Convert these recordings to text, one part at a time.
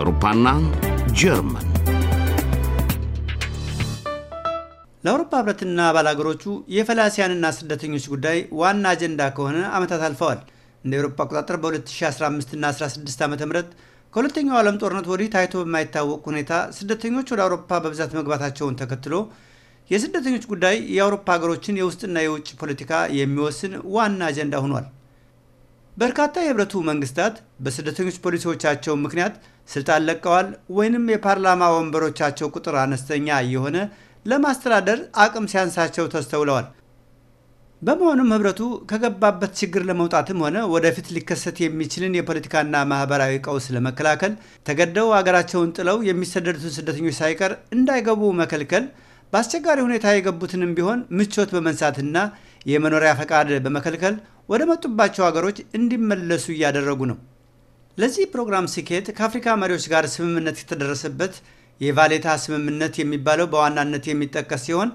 አውሮፓና ጀርመን ለአውሮፓ ህብረትና አባል አገሮቹ የፈላሲያንና ስደተኞች ጉዳይ ዋና አጀንዳ ከሆነ ዓመታት አልፈዋል። እንደ አውሮፓ አቆጣጠር በ2015ና 16 ዓ ም ከሁለተኛው ዓለም ጦርነት ወዲህ ታይቶ በማይታወቅ ሁኔታ ስደተኞች ወደ አውሮፓ በብዛት መግባታቸውን ተከትሎ የስደተኞች ጉዳይ የአውሮፓ ሀገሮችን የውስጥና የውጭ ፖለቲካ የሚወስን ዋና አጀንዳ ሆኗል። በርካታ የህብረቱ መንግስታት በስደተኞች ፖሊሲዎቻቸው ምክንያት ስልጣን ለቀዋል ወይንም የፓርላማ ወንበሮቻቸው ቁጥር አነስተኛ የሆነ ለማስተዳደር አቅም ሲያንሳቸው ተስተውለዋል። በመሆኑም ህብረቱ ከገባበት ችግር ለመውጣትም ሆነ ወደፊት ሊከሰት የሚችልን የፖለቲካና ማህበራዊ ቀውስ ለመከላከል ተገደው አገራቸውን ጥለው የሚሰደዱትን ስደተኞች ሳይቀር እንዳይገቡ መከልከል፣ በአስቸጋሪ ሁኔታ የገቡትንም ቢሆን ምቾት በመንሳትና የመኖሪያ ፈቃድ በመከልከል ወደ መጡባቸው ሀገሮች እንዲመለሱ እያደረጉ ነው። ለዚህ ፕሮግራም ስኬት ከአፍሪካ መሪዎች ጋር ስምምነት የተደረሰበት የቫሌታ ስምምነት የሚባለው በዋናነት የሚጠቀስ ሲሆን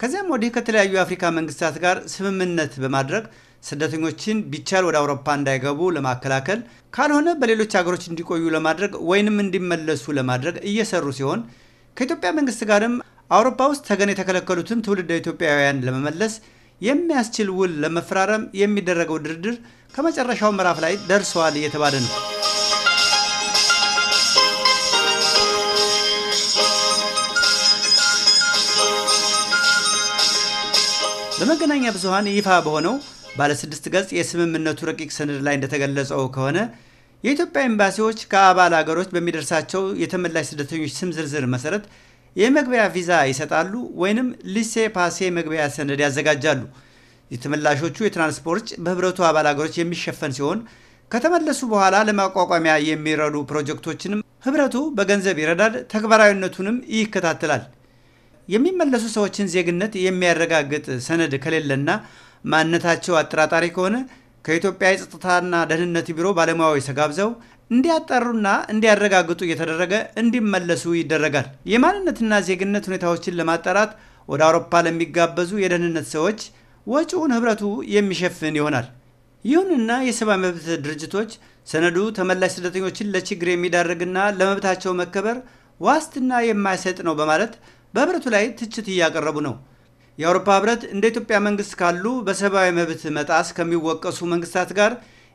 ከዚያም ወዲህ ከተለያዩ የአፍሪካ መንግስታት ጋር ስምምነት በማድረግ ስደተኞችን ቢቻል ወደ አውሮፓ እንዳይገቡ ለማከላከል ካልሆነ በሌሎች ሀገሮች እንዲቆዩ ለማድረግ ወይንም እንዲመለሱ ለማድረግ እየሰሩ ሲሆን ከኢትዮጵያ መንግስት ጋርም አውሮፓ ውስጥ ተገን የተከለከሉትን ትውልደ ኢትዮጵያውያን ለመመለስ የሚያስችል ውል ለመፈራረም የሚደረገው ድርድር ከመጨረሻው ምዕራፍ ላይ ደርሰዋል እየተባለ ነው። በመገናኛ ብዙኃን ይፋ በሆነው ባለስድስት ገጽ የስምምነቱ ረቂቅ ሰነድ ላይ እንደተገለጸው ከሆነ የኢትዮጵያ ኤምባሲዎች ከአባል አገሮች በሚደርሳቸው የተመላሽ ስደተኞች ስም ዝርዝር መሰረት የመግቢያ ቪዛ ይሰጣሉ ወይንም ሊሴ ፓሴ መግቢያ ሰነድ ያዘጋጃሉ። የተመላሾቹ የትራንስፖርት በህብረቱ አባል ሀገሮች የሚሸፈን ሲሆን ከተመለሱ በኋላ ለማቋቋሚያ የሚረዱ ፕሮጀክቶችንም ህብረቱ በገንዘብ ይረዳል፣ ተግባራዊነቱንም ይከታተላል። የሚመለሱ ሰዎችን ዜግነት የሚያረጋግጥ ሰነድ ከሌለና ማንነታቸው አጠራጣሪ ከሆነ ከኢትዮጵያ የጸጥታና ደህንነት ቢሮ ባለሙያዎች ተጋብዘው እንዲያጠሩና እንዲያረጋግጡ እየተደረገ እንዲመለሱ ይደረጋል። የማንነትና ዜግነት ሁኔታዎችን ለማጣራት ወደ አውሮፓ ለሚጋበዙ የደህንነት ሰዎች ወጪውን ህብረቱ የሚሸፍን ይሆናል። ይሁንና የሰብአዊ መብት ድርጅቶች ሰነዱ ተመላሽ ስደተኞችን ለችግር የሚዳርግና ለመብታቸው መከበር ዋስትና የማይሰጥ ነው በማለት በህብረቱ ላይ ትችት እያቀረቡ ነው። የአውሮፓ ህብረት እንደ ኢትዮጵያ መንግስት ካሉ በሰብአዊ መብት መጣስ ከሚወቀሱ መንግስታት ጋር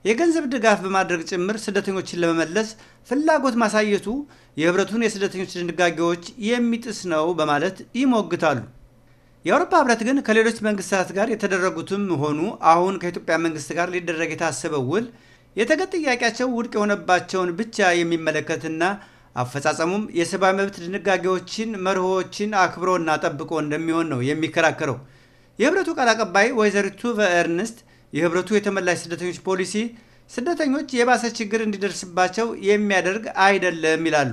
የገንዘብ ድጋፍ በማድረግ ጭምር ስደተኞችን ለመመለስ ፍላጎት ማሳየቱ የህብረቱን የስደተኞች ድንጋጌዎች የሚጥስ ነው በማለት ይሞግታሉ። የአውሮፓ ህብረት ግን ከሌሎች መንግስታት ጋር የተደረጉትም ሆኑ አሁን ከኢትዮጵያ መንግስት ጋር ሊደረግ የታሰበው ውል የተገን ጥያቄያቸው ውድቅ የሆነባቸውን ብቻ የሚመለከትና አፈጻጸሙም የሰብአዊ መብት ድንጋጌዎችን መርሆዎችን አክብሮና ጠብቆ እንደሚሆን ነው የሚከራከረው። የህብረቱ ቃል አቀባይ ወይዘሪቱ በኤርንስት የህብረቱ የተመላሽ ስደተኞች ፖሊሲ ስደተኞች የባሰ ችግር እንዲደርስባቸው የሚያደርግ አይደለም ይላሉ።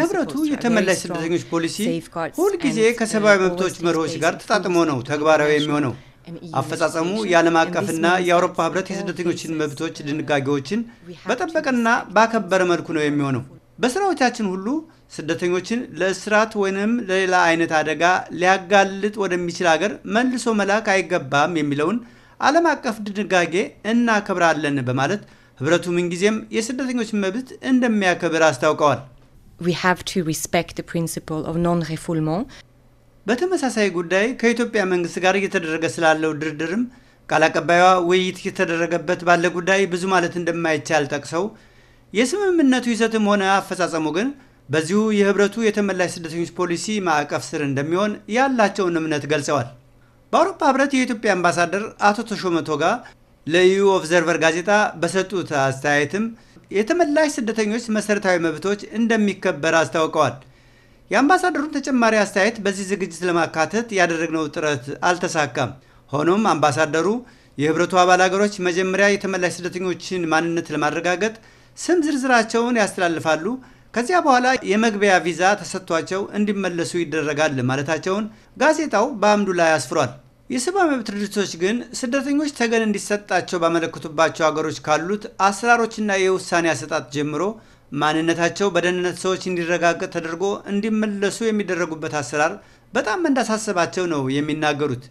የህብረቱ የተመላሽ ስደተኞች ፖሊሲ ሁልጊዜ ከሰብአዊ መብቶች መርሆች ጋር ተጣጥሞ ነው ተግባራዊ የሚሆነው። አፈጻጸሙ የዓለም አቀፍና የአውሮፓ ህብረት የስደተኞችን መብቶች ድንጋጌዎችን በጠበቀና ባከበረ መልኩ ነው የሚሆነው። በስራዎቻችን ሁሉ ስደተኞችን ለእስራት ወይንም ለሌላ አይነት አደጋ ሊያጋልጥ ወደሚችል አገር መልሶ መላክ አይገባም የሚለውን ዓለም አቀፍ ድንጋጌ እናከብራለን በማለት ህብረቱ ምንጊዜም የስደተኞችን መብት እንደሚያከብር አስታውቀዋል። We have to respect the principle of non-refoulement በተመሳሳይ ጉዳይ ከኢትዮጵያ መንግስት ጋር እየተደረገ ስላለው ድርድርም ቃል አቀባይዋ ውይይት የተደረገበት ባለ ጉዳይ ብዙ ማለት እንደማይቻል ጠቅሰው የስምምነቱ ይዘትም ሆነ አፈጻጸሙ ግን በዚሁ የህብረቱ የተመላሽ ስደተኞች ፖሊሲ ማዕቀፍ ስር እንደሚሆን ያላቸውን እምነት ገልጸዋል። በአውሮፓ ህብረት የኢትዮጵያ አምባሳደር አቶ ተሾመ ቶጋ ለዩ ኦብዘርቨር ጋዜጣ በሰጡት አስተያየትም የተመላሽ ስደተኞች መሰረታዊ መብቶች እንደሚከበር አስታውቀዋል። የአምባሳደሩን ተጨማሪ አስተያየት በዚህ ዝግጅት ለማካተት ያደረግነው ጥረት አልተሳካም። ሆኖም አምባሳደሩ የህብረቱ አባል ሀገሮች መጀመሪያ የተመላሽ ስደተኞችን ማንነት ለማረጋገጥ ስም ዝርዝራቸውን ያስተላልፋሉ፣ ከዚያ በኋላ የመግቢያ ቪዛ ተሰጥቷቸው እንዲመለሱ ይደረጋል ማለታቸውን ጋዜጣው በአምዱ ላይ አስፍሯል። የሰብአዊ መብት ድርጅቶች ግን ስደተኞች ተገን እንዲሰጣቸው ባመለከቱባቸው ሀገሮች ካሉት አሰራሮችና የውሳኔ አሰጣጥ ጀምሮ ማንነታቸው በደህንነት ሰዎች እንዲረጋገጥ ተደርጎ እንዲመለሱ የሚደረጉበት አሰራር በጣም እንዳሳሰባቸው ነው የሚናገሩት።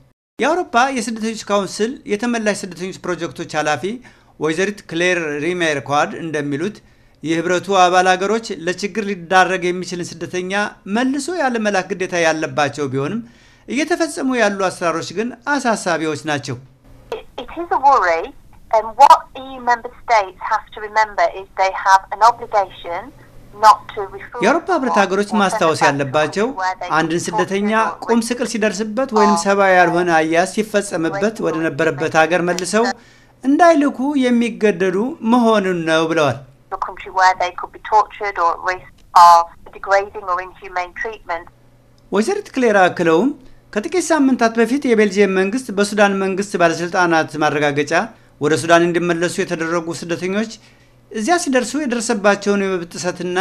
የአውሮፓ የስደተኞች ካውንስል የተመላሽ ስደተኞች ፕሮጀክቶች ኃላፊ ወይዘሪት ክሌር ሪሜር ኳድ እንደሚሉት የህብረቱ አባል ሀገሮች ለችግር ሊዳረግ የሚችልን ስደተኛ መልሶ ያለመላክ ግዴታ ያለባቸው ቢሆንም እየተፈጸሙ ያሉ አሰራሮች ግን አሳሳቢዎች ናቸው። And what EU member states have to remember is they have an obligation የአውሮፓ ህብረት ሀገሮች ማስታወስ ያለባቸው አንድን ስደተኛ ቁም ስቅል ሲደርስበት ወይም ሰብአዊ ያልሆነ አያያዝ ሲፈጸምበት ወደ ነበረበት ሀገር መልሰው እንዳይልኩ የሚገደዱ መሆኑን ነው ብለዋል። ወይዘሪት ክሌራ አክለውም ከጥቂት ሳምንታት በፊት የቤልጅየም መንግስት በሱዳን መንግስት ባለስልጣናት ማረጋገጫ ወደ ሱዳን እንዲመለሱ የተደረጉ ስደተኞች እዚያ ሲደርሱ የደረሰባቸውን የመብት ጥሰትና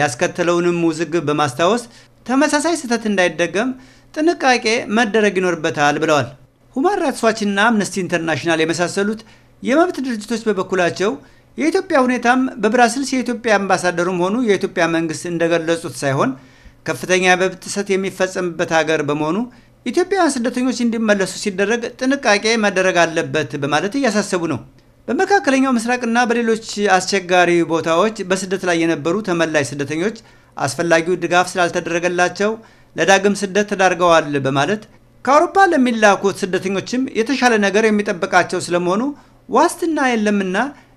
ያስከተለውንም ውዝግብ በማስታወስ ተመሳሳይ ስህተት እንዳይደገም ጥንቃቄ መደረግ ይኖርበታል ብለዋል። ሁማን ራይትስ ዋችና አምነስቲ ኢንተርናሽናል የመሳሰሉት የመብት ድርጅቶች በበኩላቸው የኢትዮጵያ ሁኔታም በብራስልስ የኢትዮጵያ አምባሳደሩም ሆኑ የኢትዮጵያ መንግስት እንደገለጹት ሳይሆን ከፍተኛ የመብት ጥሰት የሚፈጸምበት ሀገር በመሆኑ ኢትዮጵያውያን ስደተኞች እንዲመለሱ ሲደረግ ጥንቃቄ መደረግ አለበት በማለት እያሳሰቡ ነው። በመካከለኛው ምስራቅና በሌሎች አስቸጋሪ ቦታዎች በስደት ላይ የነበሩ ተመላሽ ስደተኞች አስፈላጊው ድጋፍ ስላልተደረገላቸው ለዳግም ስደት ተዳርገዋል በማለት ከአውሮፓ ለሚላኩት ስደተኞችም የተሻለ ነገር የሚጠበቃቸው ስለመሆኑ ዋስትና የለምና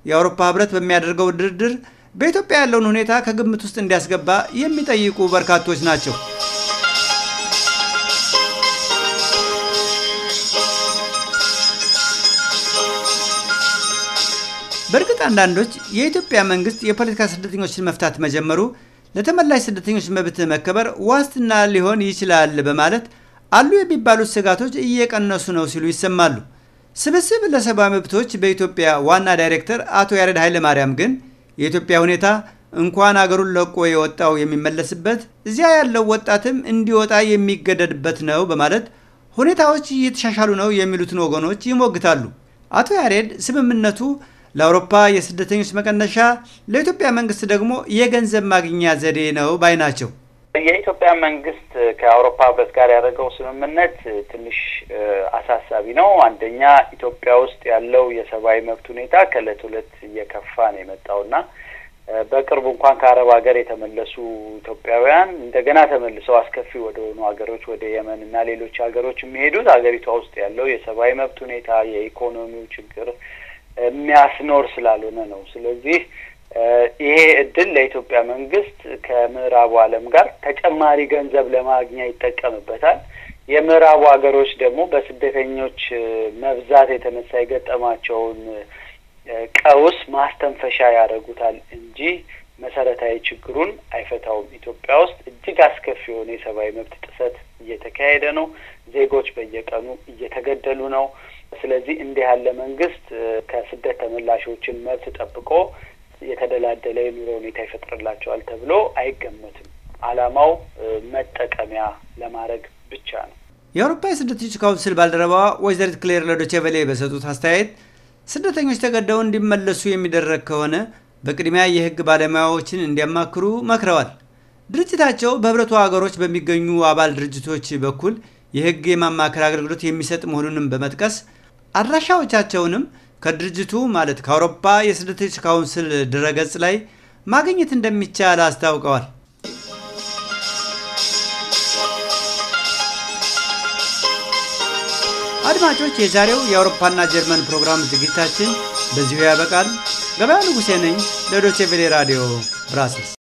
የአውሮፓ ሕብረት በሚያደርገው ድርድር በኢትዮጵያ ያለውን ሁኔታ ከግምት ውስጥ እንዲያስገባ የሚጠይቁ በርካቶች ናቸው። በእርግጥ አንዳንዶች የኢትዮጵያ መንግስት የፖለቲካ ስደተኞችን መፍታት መጀመሩ ለተመላሽ ስደተኞች መብት መከበር ዋስትና ሊሆን ይችላል በማለት አሉ የሚባሉት ስጋቶች እየቀነሱ ነው ሲሉ ይሰማሉ። ስብስብ ለሰብአዊ መብቶች በኢትዮጵያ ዋና ዳይሬክተር አቶ ያሬድ ኃይለማርያም ግን የኢትዮጵያ ሁኔታ እንኳን አገሩን ለቆ የወጣው የሚመለስበት እዚያ ያለው ወጣትም እንዲወጣ የሚገደድበት ነው በማለት ሁኔታዎች እየተሻሻሉ ነው የሚሉትን ወገኖች ይሞግታሉ። አቶ ያሬድ ስምምነቱ ለአውሮፓ የስደተኞች መቀነሻ ለኢትዮጵያ መንግስት ደግሞ የገንዘብ ማግኛ ዘዴ ነው ባይ ናቸው። የኢትዮጵያ መንግስት ከአውሮፓ ህብረት ጋር ያደረገው ስምምነት ትንሽ አሳሳቢ ነው። አንደኛ ኢትዮጵያ ውስጥ ያለው የሰብአዊ መብት ሁኔታ ከእለት ሁለት እየከፋ ነው የመጣውና በቅርቡ እንኳን ከአረብ ሀገር የተመለሱ ኢትዮጵያውያን እንደገና ተመልሰው አስከፊ ወደ ሆኑ ሀገሮች ወደ የመን እና ሌሎች ሀገሮች የሚሄዱት ሀገሪቷ ውስጥ ያለው የሰብአዊ መብት ሁኔታ፣ የኢኮኖሚው ችግር የሚያስኖር ስላልሆነ ነው። ስለዚህ ይሄ እድል ለኢትዮጵያ መንግስት ከምዕራቡ ዓለም ጋር ተጨማሪ ገንዘብ ለማግኛ ይጠቀምበታል። የምዕራቡ ሀገሮች ደግሞ በስደተኞች መብዛት የተነሳ የገጠማቸውን ቀውስ ማስተንፈሻ ያደርጉታል እንጂ መሰረታዊ ችግሩን አይፈታውም። ኢትዮጵያ ውስጥ እጅግ አስከፊ የሆነ የሰብአዊ መብት ጥሰት እየተካሄደ ነው። ዜጎች በየቀኑ እየተገደሉ ነው። ስለዚህ እንዲህ ያለ መንግስት ከስደት ተመላሾችን መብት ጠብቆ የተደላደለ የኑሮ ሁኔታ ይፈጥርላቸዋል ተብሎ አይገመትም። አላማው መጠቀሚያ ለማድረግ ብቻ ነው። የአውሮፓ የስደተኞች ካውንስል ባልደረባ ወይዘሪት ክሌር ለዶቼቬሌ በሰጡት አስተያየት ስደተኞች ተገደው እንዲመለሱ የሚደረግ ከሆነ በቅድሚያ የህግ ባለሙያዎችን እንዲያማክሩ መክረዋል። ድርጅታቸው በህብረቱ ሀገሮች በሚገኙ አባል ድርጅቶች በኩል የህግ የማማከር አገልግሎት የሚሰጥ መሆኑንም በመጥቀስ አድራሻዎቻቸውንም ከድርጅቱ ማለት ከአውሮፓ የስደተኞች ካውንስል ድረገጽ ላይ ማግኘት እንደሚቻል አስታውቀዋል። አድማጮች፣ የዛሬው የአውሮፓና ጀርመን ፕሮግራም ዝግጅታችን በዚሁ ያበቃል። ገበያ ንጉሴ ነኝ ለዶቼ ቬሌ ራዲዮ ብራስልስ